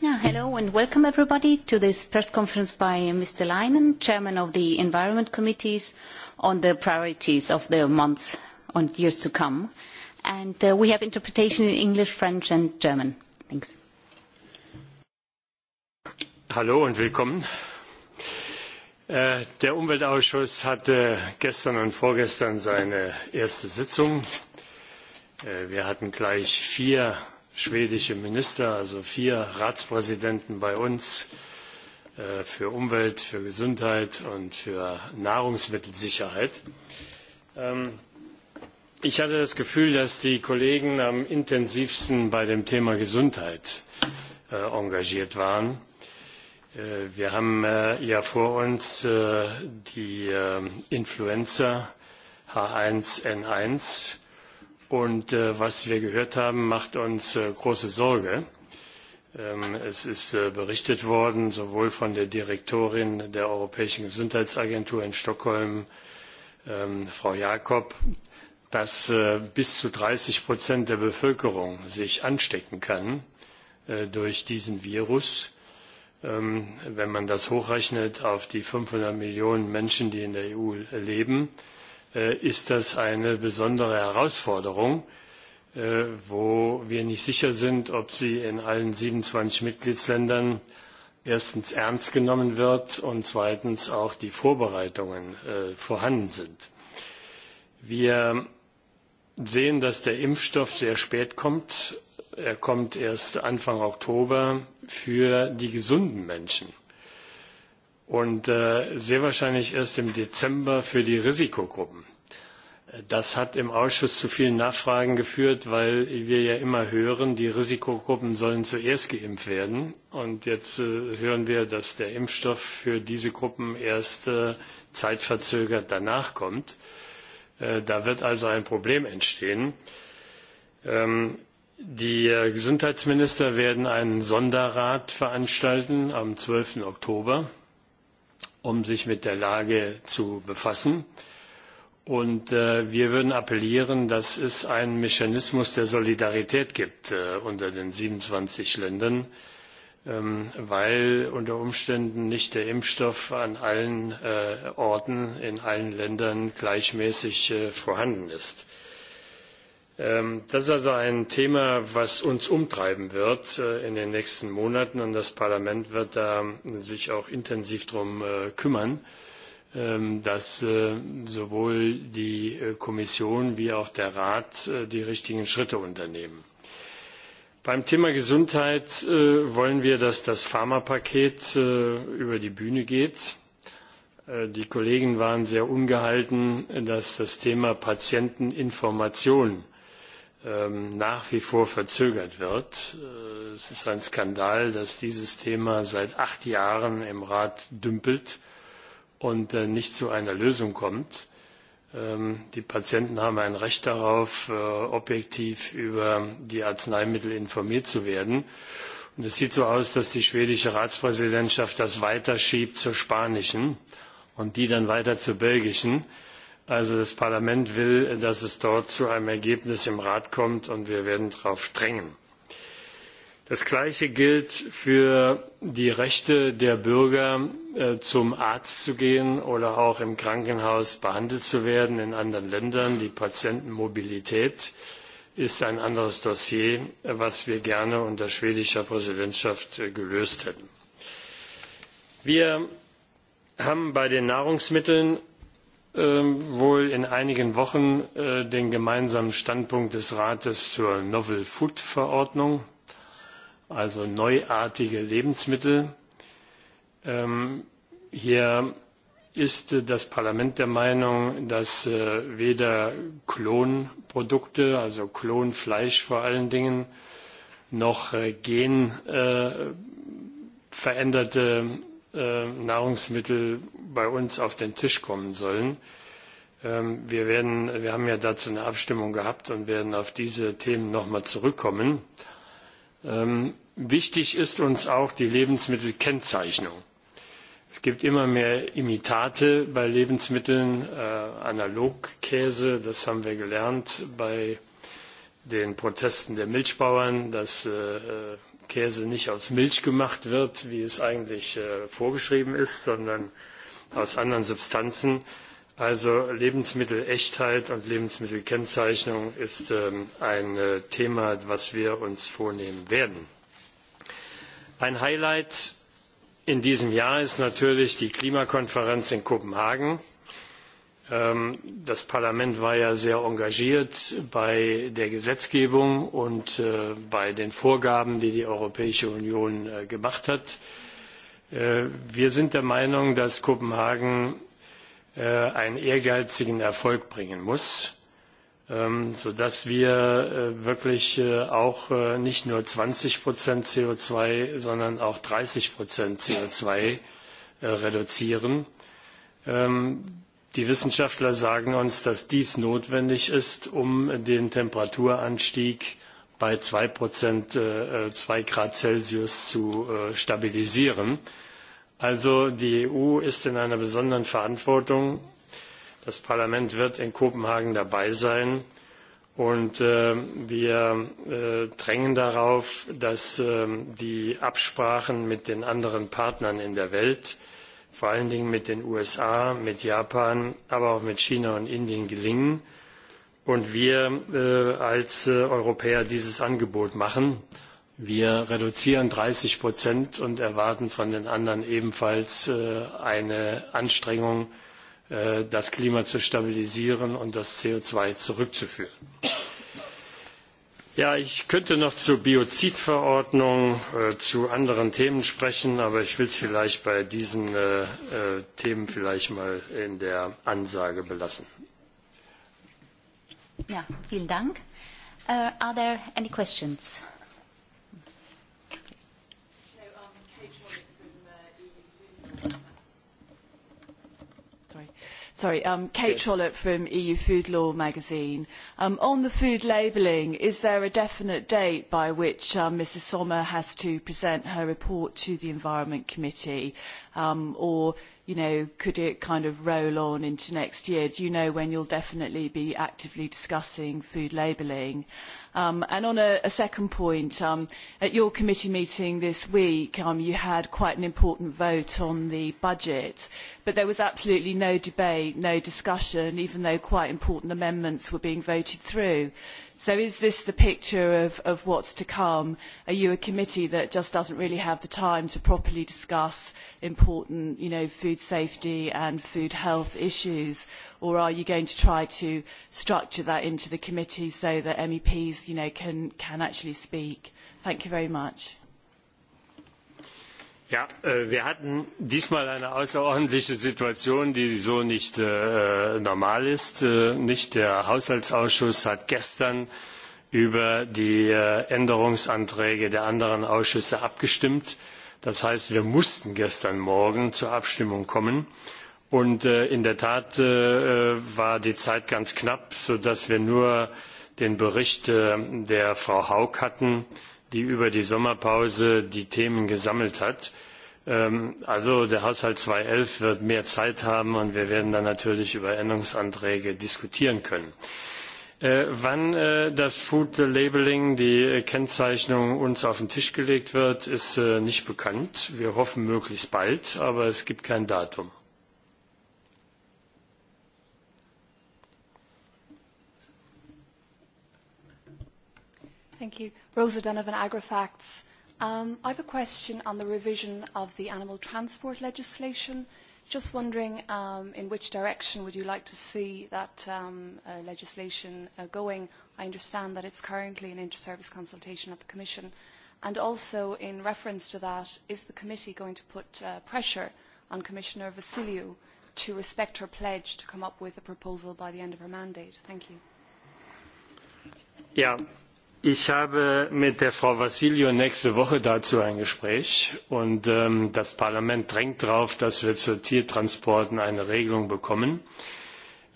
hello and welcome everybody to this press conference by Mr. Leinen, Chairman of the Environment Committees, on the priorities of the months and years to come. Uh, we have interpretation in English, French and German. Thanks. Hello and welcome. Äh, der Umweltausschuss hatte gestern und vorgestern seine erste Sitzung. Äh, wir hatten gleich vier schwedische Minister, also vier Ratspräsidenten bei uns äh, für Umwelt, für Gesundheit und für Nahrungsmittelsicherheit. Ähm, ich hatte das Gefühl, dass die Kollegen am intensivsten bei dem Thema Gesundheit äh, engagiert waren. Äh, wir haben äh, ja vor uns äh, die äh, Influenza H1N1 Und äh, was wir gehört haben, macht uns äh, große Sorge. Ähm, es ist äh, berichtet worden, sowohl von der Direktorin der Europäischen Gesundheitsagentur in Stockholm, ähm, Frau Jakob, dass äh, bis zu 30 Prozent der Bevölkerung sich anstecken kann äh, durch diesen Virus. Ähm, wenn man das hochrechnet auf die 500 Millionen Menschen, die in der EU leben, äh, Äh, ist das eine besondere Herausforderung, äh, wo wir nicht sicher sind, ob sie in allen 27 Mitgliedsländern erstens ernst genommen wird und zweitens auch die Vorbereitungen äh, vorhanden sind. Wir sehen, dass der Impfstoff sehr spät kommt. Er kommt erst Anfang Oktober für die gesunden Menschen und äh, sehr wahrscheinlich erst im Dezember für die Risikogruppen. Äh, das hat im Ausschuss zu vielen Nachfragen geführt, weil wir ja immer hören, die Risikogruppen sollen zuerst geimpft werden. Und jetzt äh, hören wir, dass der Impfstoff für diese Gruppen erst äh, zeitverzögert danach kommt. Äh, da wird also ein Problem entstehen. Ähm, die äh, Gesundheitsminister werden einen Sonderrat veranstalten am 12. Oktober um sich mit der Lage zu befassen. Und äh, wir würden appellieren, dass es einen Mechanismus der Solidarität gibt äh, unter den 27 Ländern, ähm, weil unter Umständen nicht der Impfstoff an allen äh, Orten, in allen Ländern gleichmäßig äh, vorhanden ist. Ähm, das ist also ein Thema, was uns umtreiben wird äh, in den nächsten Monaten und das Parlament wird da äh, sich auch intensiv darum äh, kümmern, ähm, dass sowohl die Kommission wie auch der Rat die richtigen Schritte unternehmen. Beim Thema Gesundheit wollen wir, dass das Pharmapaket über die Bühne geht. Die Kollegen waren sehr ungehalten, dass das Thema Patienteninformation Ähm, nach wie vor verzögert wird. Äh, es ist ein Skandal, dass dieses Thema seit acht Jahren im Rat dümpelt und äh, nicht zu einer Lösung kommt. Ähm, die Patienten haben ein Recht darauf, äh, objektiv über die Arzneimittel informiert zu werden. Und es sieht so aus, dass die schwedische Ratspräsidentschaft das weiterschiebt zur spanischen und die dann weiter zur belgischen. Also das Parlament will, dass es dort zu einem Ergebnis im Rat kommt und wir werden darauf drängen. Das Gleiche gilt für die Rechte der Bürger, äh, zum Arzt zu gehen oder auch im Krankenhaus behandelt zu werden in anderen Ländern. Die Patientenmobilität ist ein anderes Dossier, was wir gerne unter schwedischer Präsidentschaft äh, gelöst hätten. Wir haben bei den Nahrungsmitteln Ähm, wohl in einigen Wochen äh, den gemeinsamen Standpunkt des Rates zur Novel Food Verordnung, also neuartige Lebensmittel. Ähm, hier ist äh, das Parlament der Meinung, dass äh, weder Klonprodukte, also Klonfleisch vor allen Dingen, noch genveränderte Äh, Nahrungsmittel bei uns auf den Tisch kommen sollen. Ähm, wir, werden, wir haben ja dazu eine Abstimmung gehabt und werden auf diese Themen nochmal zurückkommen. Ähm, wichtig ist uns auch die Lebensmittelkennzeichnung. Es gibt immer mehr Imitate bei Lebensmitteln, äh, Analogkäse, das haben wir gelernt bei den Protesten der Milchbauern, dass äh, äh Käse nicht aus Milch gemacht wird, wie es eigentlich äh, vorgeschrieben ist, sondern aus anderen Substanzen. Also Lebensmittelechtheit und Lebensmittelkennzeichnung ist ähm, ein äh, Thema, was wir uns vornehmen werden. Ein Highlight in diesem Jahr ist natürlich die Klimakonferenz in Kopenhagen Ähm, das Parlament war ja sehr engagiert bei der Gesetzgebung und äh, bei den Vorgaben, die die Europäische Union äh, gemacht hat. Äh, wir sind der Meinung, dass Kopenhagen einen ehrgeizigen Erfolg bringen muss, ähm, sodass wir wirklich auch nicht nur 20 Prozent co zwei, sondern auch 30 Prozent co zwei reduzieren ähm, Die Wissenschaftler sagen uns, dass dies notwendig ist, um den Temperaturanstieg bei zwei Prozent, äh, zwei Grad Celsius zu äh, stabilisieren. Also die EU ist in einer besonderen Verantwortung. Das Parlament wird in Kopenhagen dabei sein. Und äh, wir drängen darauf, dass ähm, die Absprachen mit den anderen Partnern in der Welt vor allen Dingen mit den USA, mit Japan, aber auch mit China und Indien gelingen und wir äh, als äh, Europäer dieses Angebot machen. Wir reduzieren 30 Prozent und erwarten von den anderen ebenfalls äh, eine Anstrengung, äh, das Klima zu stabilisieren und das CO2 zurückzuführen. Ja, ich könnte noch zur Biozidverordnung, äh, zu anderen Themen sprechen, aber ich will es vielleicht bei diesen äh, äh, Themen vielleicht mal in der Ansage belassen. Ja, vielen Dank. Uh, are there any questions? Sorry, um, Kate yes. Trollope from EU Food Law magazine. Um, on the food labelling, is there a definite date by which um, Mrs Sommer has to present her report to the Environment Committee? Um, or you know, could it kind of roll on into next year? Do you know when you'll definitely be actively discussing food labelling? Um, and on a, second point, um, at your committee meeting this week, um, you had quite an important vote on the budget, but there was absolutely no debate, no discussion, even though quite important amendments were being voted through. So is this the picture of, of what's to come? Are you a committee that just doesn't really have the time to properly discuss important you know, food safety and food health issues? Or are you going to try to structure that into the committee so that MEPs you know, can, can actually speak? Thank you very much. Ja, äh, wir hatten diesmal eine außerordentliche Situation, die so nicht äh, normal ist. Äh, nicht der Haushaltsausschuss hat gestern über die äh, Änderungsanträge der anderen Ausschüsse abgestimmt. Das heißt, wir mussten gestern Morgen zur Abstimmung kommen. Und äh, in der Tat war die Zeit ganz knapp, sodass wir nur den Bericht der Frau Haug hatten, äh, die über die Sommerpause die Themen gesammelt hat. Ähm, also der Haushalt 2011 wird mehr Zeit haben und wir werden dann natürlich über Änderungsanträge diskutieren können. Äh, wann äh, das Food Labeling, die äh, Kennzeichnung uns auf den Tisch gelegt wird, ist äh, nicht bekannt. Wir hoffen möglichst bald, aber es gibt kein Datum. Thank you. Rosa Donovan, AgriFacts. Um, I have a question on the revision of the animal transport legislation. Just wondering um, in which direction would you like to see that um, uh, legislation uh, going? I understand that it's currently an inter-service consultation at the Commission. And also in reference to that, is the committee going to put uh, pressure on Commissioner Vassiliou to respect her pledge to come up with a proposal by the end of her mandate? Thank you. Yeah, Ich habe mit der Frau Vassilio nächste Woche dazu ein Gespräch und ähm, das Parlament drängt darauf, dass wir zu Tiertransporten eine Regelung bekommen.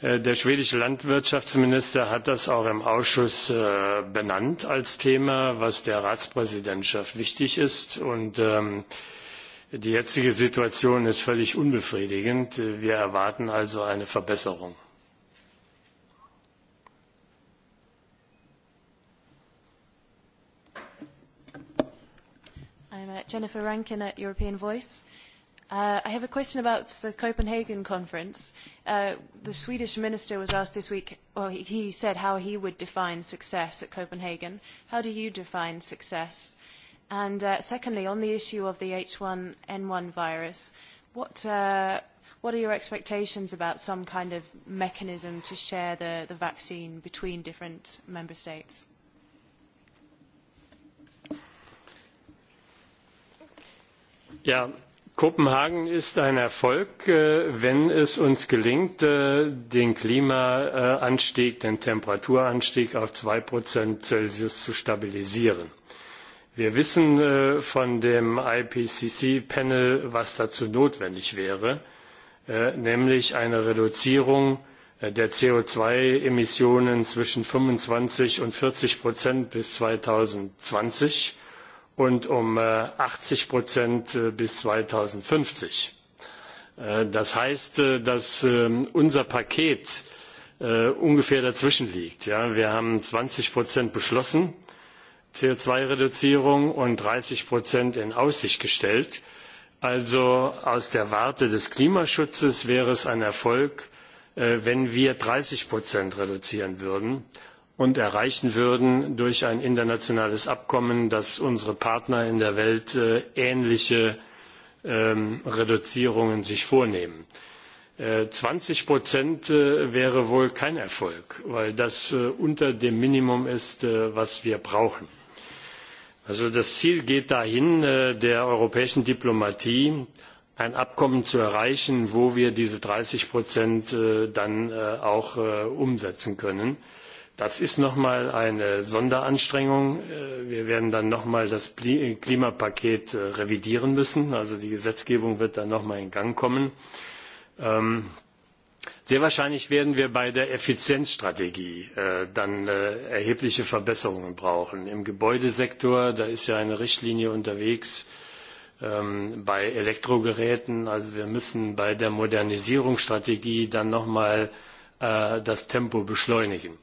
Äh, der schwedische Landwirtschaftsminister hat das auch im Ausschuss äh, benannt als Thema, was der Ratspräsidentschaft wichtig ist und ähm, die jetzige Situation ist völlig unbefriedigend. Wir erwarten also eine Verbesserung. Jennifer Rankin at European Voice. Uh, I have a question about the Copenhagen conference. Uh, the Swedish minister was asked this week, or he said how he would define success at Copenhagen. How do you define success? And uh, secondly, on the issue of the H1N1 virus, what, uh, what are your expectations about some kind of mechanism to share the, the vaccine between different member states? Ja, Kopenhagen ist ein Erfolg, äh, wenn es uns gelingt, äh, den Klimaanstieg, den Temperaturanstieg auf zwei Prozent Celsius zu stabilisieren. Wir wissen äh, von dem IPCC-Panel, was dazu notwendig wäre, nämlich eine Reduzierung der co zwei emissionen zwischen 25 und 40 Prozent bis 2020 und um äh, achtzig Prozent äh, bis 2050. Äh, das heißt, dass ähm, unser Paket ungefähr dazwischen liegt. Ja, wir haben 20 Prozent beschlossen, co zwei reduzierung und 30 Prozent in Aussicht gestellt. Also aus der Warte des Klimaschutzes wäre es ein Erfolg, wenn wir 30 Prozent reduzieren würden und erreichen würden durch ein internationales Abkommen, dass unsere Partner in der Welt äh, ähnliche ähm, Reduzierungen sich vornehmen. Äh, zwanzig Prozent äh, wäre wohl kein Erfolg, weil das unter dem Minimum ist, was wir brauchen. Also das Ziel geht dahin, der europäischen Diplomatie ein Abkommen zu erreichen, wo wir diese 30 Prozent dann auch umsetzen können. Das ist nochmal eine Sonderanstrengung. Äh, wir werden dann nochmal das äh, Klimapaket äh, revidieren müssen. Also die Gesetzgebung wird dann nochmal in Gang kommen. Ähm, sehr wahrscheinlich werden wir bei der Effizienzstrategie dann erhebliche Verbesserungen brauchen. Im Gebäudesektor, da ist ja eine Richtlinie unterwegs ähm, bei Elektrogeräten. Also wir müssen bei der Modernisierungsstrategie dann nochmal mal das Tempo beschleunigen.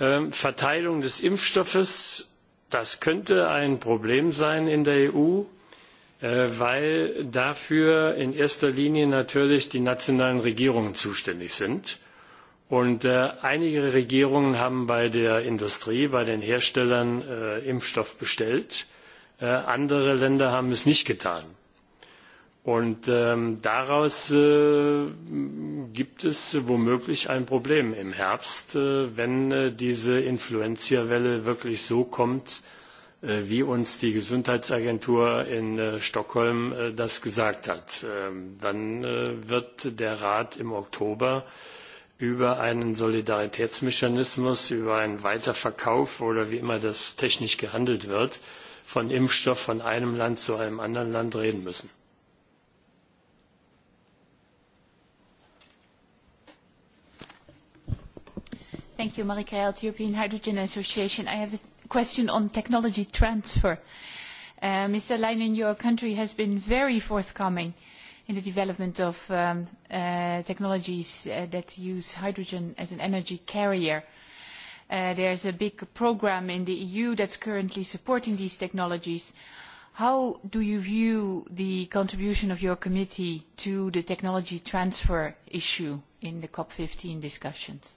Ähm, Verteilung des Impfstoffes, das könnte ein Problem sein in der EU, äh, weil dafür in erster Linie natürlich die nationalen Regierungen zuständig sind. Und äh, einige Regierungen haben bei der Industrie, bei den Herstellern äh, Impfstoff bestellt. andere Länder haben es nicht getan. Und ähm, daraus äh, gibt es womöglich ein Problem im Herbst, äh, wenn äh, diese Influenzierwelle wirklich so kommt, äh, wie uns die Gesundheitsagentur in äh, Stockholm äh, das gesagt hat. Äh, dann äh, wird der Rat im Oktober über einen Solidaritätsmechanismus, über einen Weiterverkauf oder wie immer das technisch gehandelt wird, von Impfstoff von einem Land zu einem anderen Land reden müssen. Thank you, Marika Elt, European Hydrogen Association. I have a question on technology transfer. Uh, Mr. Leinen, your country has been very forthcoming in the development of um, uh, technologies uh, that use hydrogen as an energy carrier. Uh, there's a big program in the EU that's currently supporting these technologies. How do you view the contribution of your committee to the technology transfer issue in the COP15 discussions?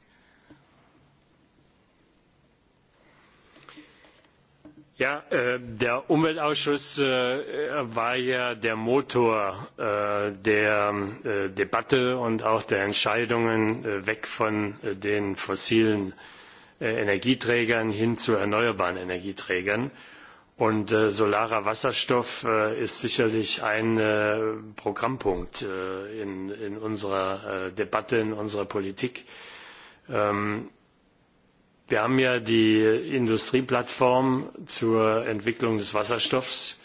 Ja, äh, der Umweltausschuss äh, war ja der Motor äh, der äh, Debatte und auch der Entscheidungen äh, weg von äh, den fossilen äh, Energieträgern hin zu erneuerbaren Energieträgern. Und äh, solarer Wasserstoff äh, ist sicherlich ein äh, Programmpunkt äh, in, in unserer äh, Debatte, in unserer Politik. Ähm, Wir haben ja die Industrieplattform zur Entwicklung des Wasserstoffs.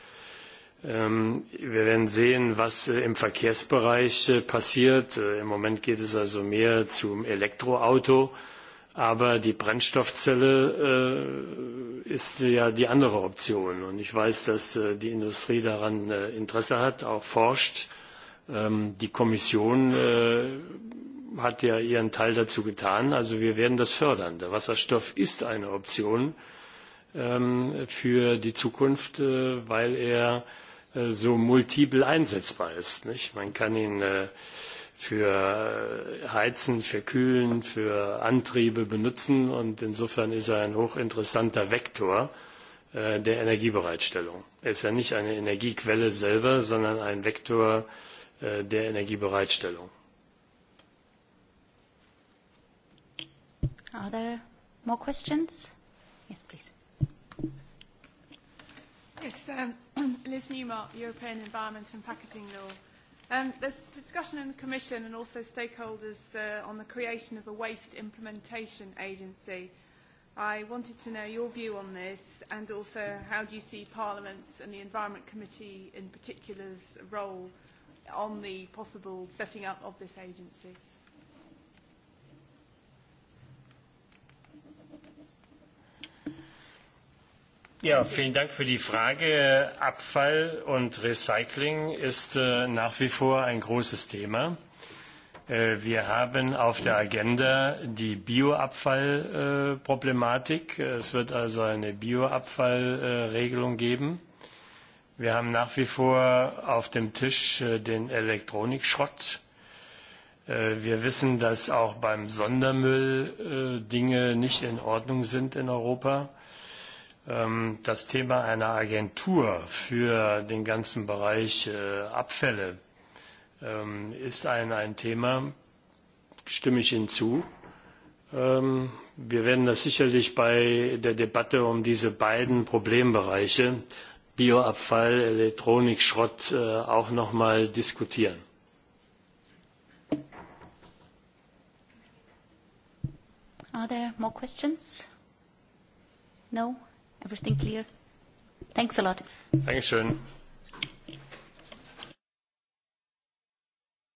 Ähm, wir werden sehen, was äh, im Verkehrsbereich äh, passiert. Äh, Im Moment geht es also mehr zum Elektroauto, aber die Brennstoffzelle ist ja die andere Option. Und ich weiß, dass die Industrie daran Interesse hat, auch forscht. Ähm, die Kommission hat ja ihren Teil dazu getan. Also wir werden das fördern. Der Wasserstoff ist eine Option ähm, für die Zukunft, äh, weil er äh, so multipel einsetzbar ist. Nicht? Man kann ihn äh, für äh, Heizen, für Kühlen, für Antriebe benutzen und insofern ist er ein hochinteressanter Vektor äh, der Energiebereitstellung. Er ist ja nicht eine Energiequelle selber, sondern ein Vektor äh, der Energiebereitstellung. Are there more questions? Yes, please. Yes, um, Liz Newmark, European Environment and Packaging Law. Um, there's discussion in the Commission and also stakeholders uh, on the creation of a waste implementation agency. I wanted to know your view on this and also how do you see Parliament's and the Environment Committee in particular's role on the possible setting up of this agency? Ja, vielen Dank für die Frage. Abfall und Recycling ist äh, nach wie vor ein großes Thema. Äh, wir haben auf der Agenda die Bioabfallproblematik. Äh, es wird also eine Bioabfallregelung geben. Wir haben nach wie vor auf dem Tisch äh, den Elektronikschrott. Äh, wir wissen, dass auch beim Sondermüll äh, Dinge nicht in Ordnung sind in Europa. Ähm, das Thema einer Agentur für den ganzen Bereich äh, Abfälle ähm, ist ein, ein Thema, stimme ich Ihnen zu. Ähm, wir werden das sicherlich bei der Debatte um diese beiden Problembereiche Bioabfall, Elektronik, Schrott äh, auch noch mal diskutieren. Are there more questions? No? Everything clear? Thanks a lot. Thank you,